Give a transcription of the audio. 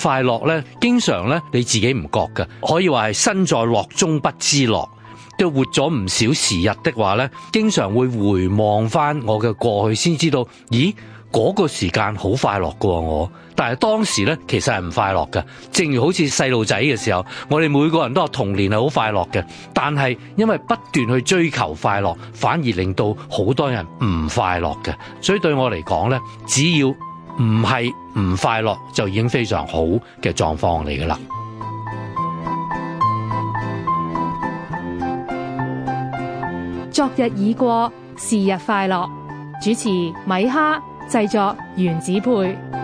快樂咧，經常咧你自己唔覺噶，可以話係身在樂中不知樂。都活咗唔少時日的話咧，經常會回望翻我嘅過去，先知道，咦，嗰個時間好快樂噶我。但係當時咧，其實係唔快樂㗎。正如好似細路仔嘅時候，我哋每個人都話童年係好快樂嘅，但係因為不斷去追求快樂，反而令到好多人唔快樂嘅。所以對我嚟講咧，只要。唔係唔快樂，就已經非常好嘅狀況嚟㗎喇。昨日已過，是日快樂。主持米哈，製作原子配。